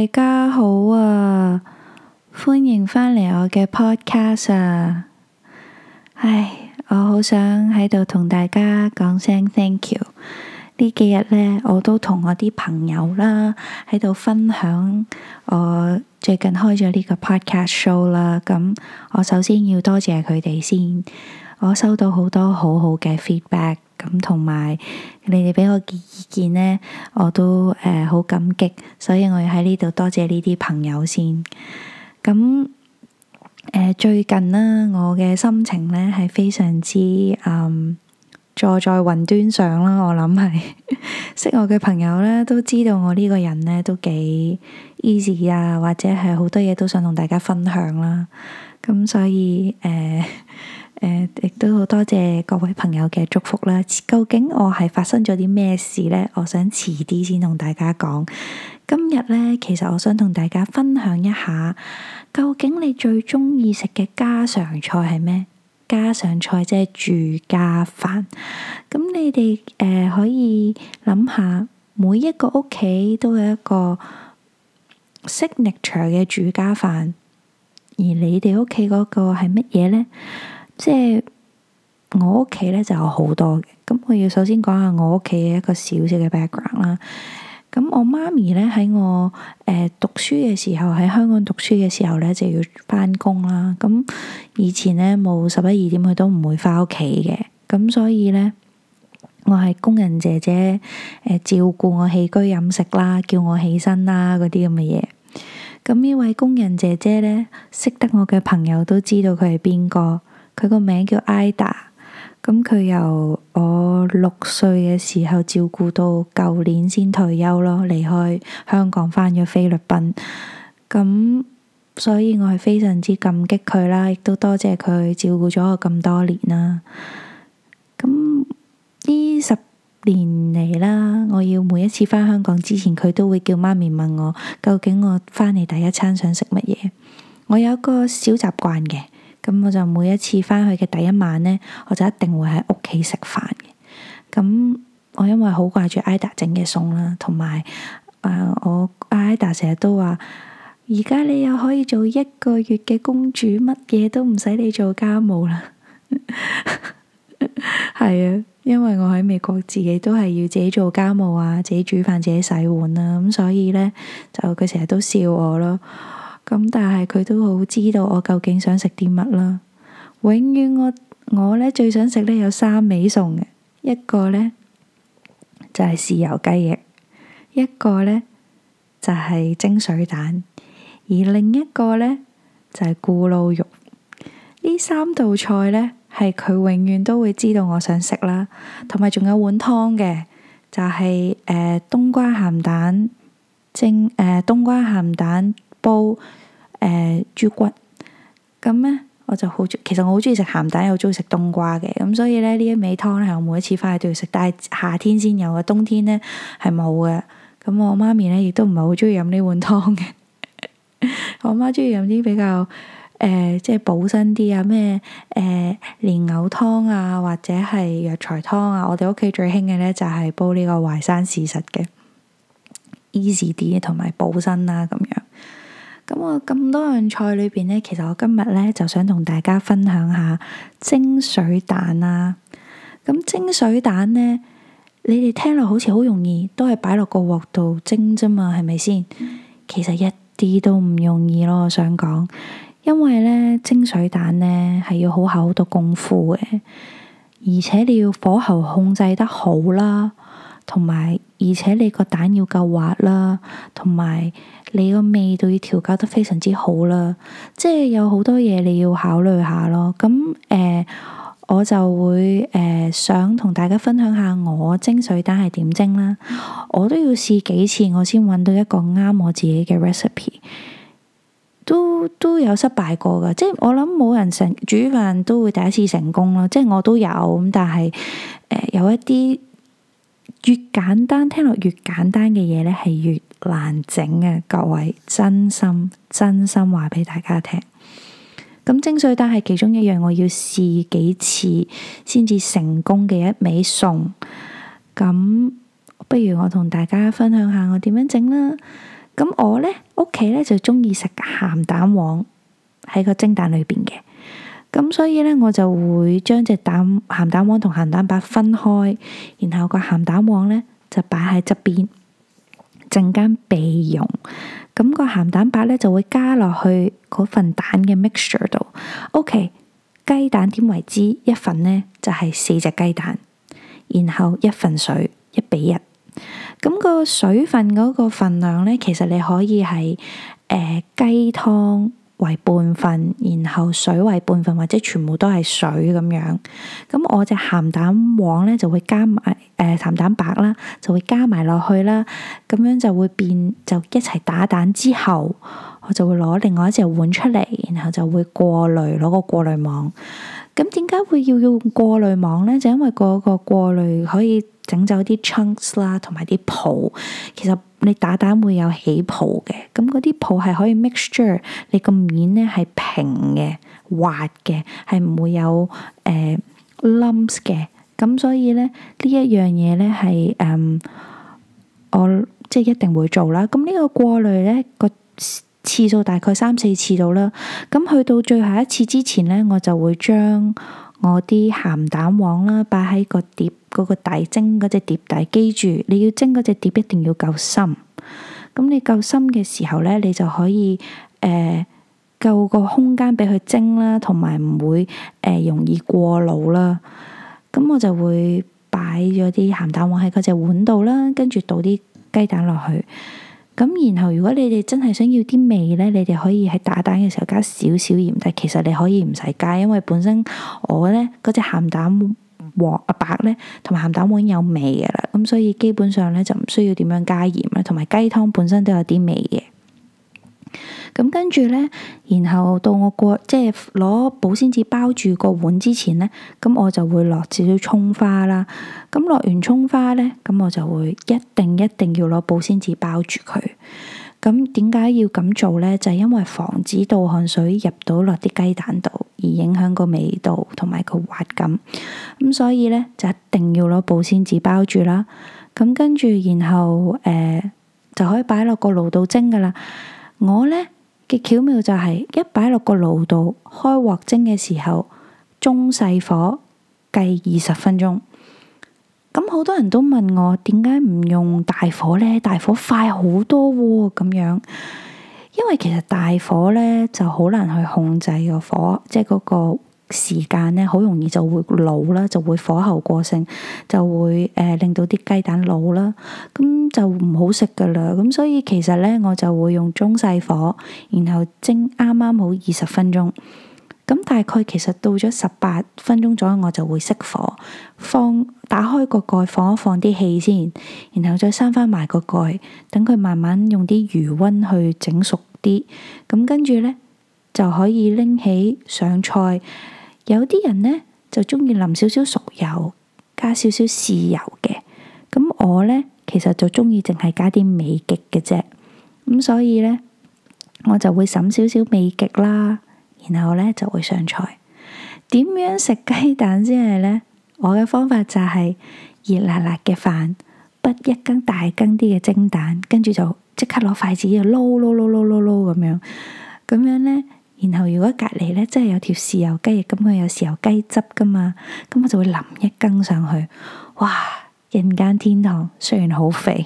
大家好啊！歡迎返嚟我嘅 podcast 啊！唉，我好想喺度同大家講聲 thank you。呢幾日呢，我都同我啲朋友啦喺度分享我最近開咗呢個 podcast show 啦。咁我首先要多謝佢哋先。我收到好多好好嘅 feedback，咁同埋你哋俾我嘅意見呢，我都誒好、呃、感激，所以我要喺呢度多謝呢啲朋友先。咁誒、呃、最近啦，我嘅心情呢係非常之誒、嗯、坐在雲端上啦，我諗係 識我嘅朋友呢都知道我呢個人呢都幾 easy 啊，或者係好多嘢都想同大家分享啦。咁所以誒。呃亦都好多謝各位朋友嘅祝福啦。究竟我係發生咗啲咩事呢？我想遲啲先同大家講。今日呢，其實我想同大家分享一下，究竟你最中意食嘅家常菜係咩？家常菜即係住家飯。咁你哋誒、呃、可以諗下，每一個屋企都有一個 signature 嘅住家飯，而你哋屋企嗰個係乜嘢呢？即係我屋企呢就有好多嘅，咁我要首先講下我屋企嘅一個小小嘅 background 啦。咁我媽咪呢喺我誒、呃、讀書嘅時候，喺香港讀書嘅時候呢就要返工啦。咁以前呢冇十一二點，佢都唔會返屋企嘅。咁所以呢，我係工人姐姐誒、呃、照顧我起居飲食啦，叫我起身啦嗰啲咁嘅嘢。咁呢位工人姐姐呢，識得我嘅朋友都知道佢係邊個。佢個名叫艾 d a 咁佢由我六歲嘅時候照顧到舊年先退休咯，離開香港翻咗菲律賓，咁所以我係非常之感激佢啦，亦都多謝佢照顧咗我咁多年啦。咁呢十年嚟啦，我要每一次翻香港之前，佢都會叫媽咪問我，究竟我翻嚟第一餐想食乜嘢？我有一個小習慣嘅。咁我就每一次翻去嘅第一晚呢，我就一定會喺屋企食飯嘅。咁我因為好掛住 Ada 整嘅餸啦，同埋啊我阿 Ada 成日都話：而家你又可以做一個月嘅公主，乜嘢都唔使你做家務啦。係 啊， 因為我喺美國自己都係要自己做家務啊，自己煮飯、自己洗碗啊。咁所以呢，就佢成日都笑我咯。咁但係佢都好知道我究竟想食啲乜啦，永遠，我我呢最想食呢有三味餸嘅，一個呢就係豉油雞翼，一個呢就係蒸水蛋，而另一個呢就係咕嚕肉。呢三道菜呢，係佢永遠都會知道我想食啦，同埋仲有碗湯嘅，就係誒冬瓜鹹蛋蒸誒冬瓜鹹蛋煲誒、呃、豬骨，咁呢，我就好中，其實我好中意食鹹蛋，又中意食冬瓜嘅，咁所以呢，呢一味湯咧，係我每一次返去都要食，但係夏天先有嘅，冬天呢，係冇嘅。咁我媽咪呢，亦都唔係好中意飲呢碗湯嘅， 我媽中意飲啲比較誒、呃、即係補身啲啊，咩誒、呃、蓮藕湯啊，或者係藥材湯啊。我哋屋企最興嘅呢，就係、是、煲呢個淮山茨實嘅，醫事啲同埋補身啦、啊、咁樣。咁我咁多樣菜裏邊呢，其實我今日呢就想同大家分享下蒸水蛋啊。咁蒸水蛋呢，你哋聽落好似好容易，都係擺落個鑊度蒸啫嘛，係咪先？嗯、其實一啲都唔容易咯，我想講，因為呢，蒸水蛋呢係要好考好多功夫嘅，而且你要火候控制得好啦，同埋。而且你個蛋要夠滑啦，同埋你個味道要調校得非常之好啦。即係有好多嘢你要考慮下咯。咁誒、呃，我就會誒、呃、想同大家分享下我蒸水蛋係點蒸啦。嗯、我都要試幾次，我先揾到一個啱我自己嘅 recipe 都。都都有失敗過㗎，即係我諗冇人成煮飯都會第一次成功咯。即係我都有咁，但係誒、呃、有一啲。越簡單聽落越簡單嘅嘢呢係越難整嘅！各位，真心真心話俾大家聽。咁蒸水蛋係其中一樣我要試幾次先至成功嘅一味餸。咁不如我同大家分享下我點樣整啦？咁我呢屋企呢，就中意食鹹蛋黃喺個蒸蛋裏邊嘅。咁所以呢，我就會將隻蛋鹹蛋黃同鹹蛋白分開，然後個鹹蛋黃呢就擺喺側邊，陣間備用。咁個鹹蛋白呢就會加落去嗰份蛋嘅 mixture 度。O.K. 雞蛋點為之一份呢就係、是、四隻雞蛋，然後一份水一比一。咁個水分嗰個份量呢，其實你可以係誒、呃、雞湯。為半份，然後水為半份，或者全部都係水咁樣。咁我隻鹹蛋黃呢就會加埋誒，鹹蛋白啦，就會加埋落、呃、去啦。咁樣就會變，就一齊打蛋之後，我就會攞另外一隻碗出嚟，然後就會過濾，攞個過濾網。咁點解會要用過濾網呢？就是、因為嗰個過濾可以整走啲 chunks 啦，同埋啲泡。其實你打蛋會有起泡嘅，咁嗰啲泡係可以 mixture 你個面呢係平嘅，滑嘅，係唔會有誒 lumps 嘅。咁、uh, 所以呢，呢一樣嘢呢係誒，um, 我即係一定會做啦。咁呢個過濾呢個，次數大概三四次到啦，咁去到最後一次之前呢，我就會將我啲鹹蛋黃啦擺喺個碟嗰個底，蒸嗰隻碟底，記住你要蒸嗰隻碟一定要夠深。咁你夠深嘅時候呢，你就可以誒、呃、夠個空間俾佢蒸啦，同埋唔會誒、呃、容易過老啦。咁我就會擺咗啲鹹蛋黃喺嗰隻碗度啦，跟住倒啲雞蛋落去。咁然後如果你哋真係想要啲味呢，你哋可以喺打蛋嘅時候加少少鹽。但其實你可以唔使加，因為本身我呢嗰隻鹹蛋黃啊白呢同埋鹹蛋黃已經有味㗎啦。咁所以基本上呢就唔需要點樣加鹽啦。同埋雞湯本身都有啲味嘅。咁跟住呢，然後到我過即係攞保鮮紙包住個碗之前呢，咁我就會落少少葱花啦。咁落完葱花呢，咁我就會一定一定要攞保鮮紙包住佢。咁點解要咁做呢？就係因為防止到汗水入到落啲雞蛋度，而影響個味道同埋個滑感。咁所以呢，就一定要攞保鮮紙包住啦。咁跟住，然後誒、呃、就可以擺落個爐度蒸噶啦。我呢嘅巧妙就係、是、一擺落個爐度開鑊蒸嘅時候，中細火計二十分鐘。咁好多人都問我點解唔用大火呢？大火快好多喎、哦、咁樣。因為其實大火呢就好難去控制個火，即係嗰、那個。時間呢，好容易就會老啦，就會火候過剩，就會誒、呃、令到啲雞蛋老啦，咁就唔好食噶啦。咁所以其實呢，我就會用中細火，然後蒸啱啱好二十分鐘。咁大概其實到咗十八分鐘左右，我就會熄火，放打開個蓋，放一放啲氣先，然後再生翻埋個蓋，等佢慢慢用啲餘温去整熟啲。咁跟住呢，就可以拎起上菜。有啲人呢，就中意淋少少熟油，加少少豉油嘅。咁我呢，其實就中意淨係加啲美極嘅啫。咁所以呢，我就會滲少少美極啦，然後呢，就會上菜。點樣食雞蛋先係呢？我嘅方法就係熱辣辣嘅飯，滗一羹大羹啲嘅蒸蛋，跟住就即刻攞筷子就撈撈撈撈撈撈咁樣，咁樣呢。然後如果隔離呢，真係有條豉油雞翼，咁佢有豉油雞汁㗎嘛，咁我就會淋一羹上去。哇！人間天堂，雖然好肥，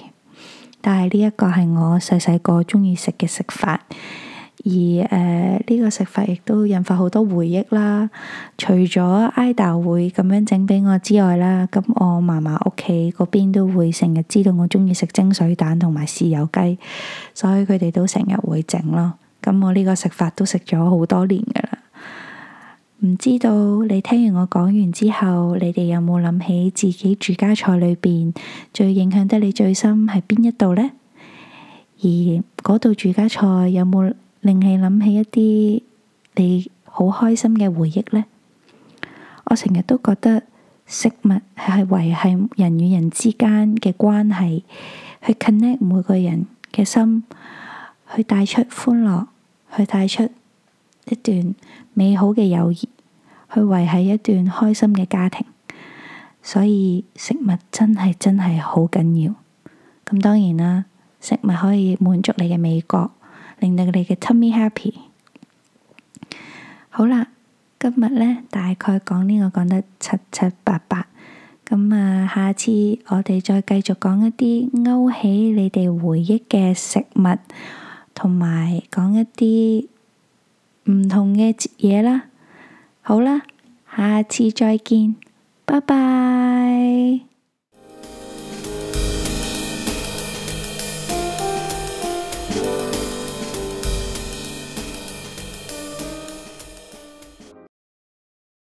但係呢一個係我細細個中意食嘅食法。而誒呢、呃這個食法亦都引發好多回憶啦。除咗阿豆會咁樣整俾我之外啦，咁我嫲嫲屋企嗰邊都會成日知道我中意食蒸水蛋同埋豉油雞，所以佢哋都成日會整咯。咁我呢個食法都食咗好多年噶啦，唔知道你聽完我講完之後，你哋有冇諗起自己住家菜裏邊最影響得你最深係邊一度呢？而嗰度住家菜有冇令你諗起一啲你好開心嘅回憶呢？我成日都覺得食物係維繫人與人之間嘅關係，去 connect 每個人嘅心，去帶出歡樂。去帶出一段美好嘅友誼，去維係一段開心嘅家庭，所以食物真係真係好緊要。咁當然啦，食物可以滿足你嘅味覺，令到你嘅 tummy happy。好啦，今日呢大概講呢個講得七七八八，咁啊，下次我哋再繼續講一啲勾起你哋回憶嘅食物。同埋講一啲唔同嘅嘢啦，好啦，下次再見，拜拜。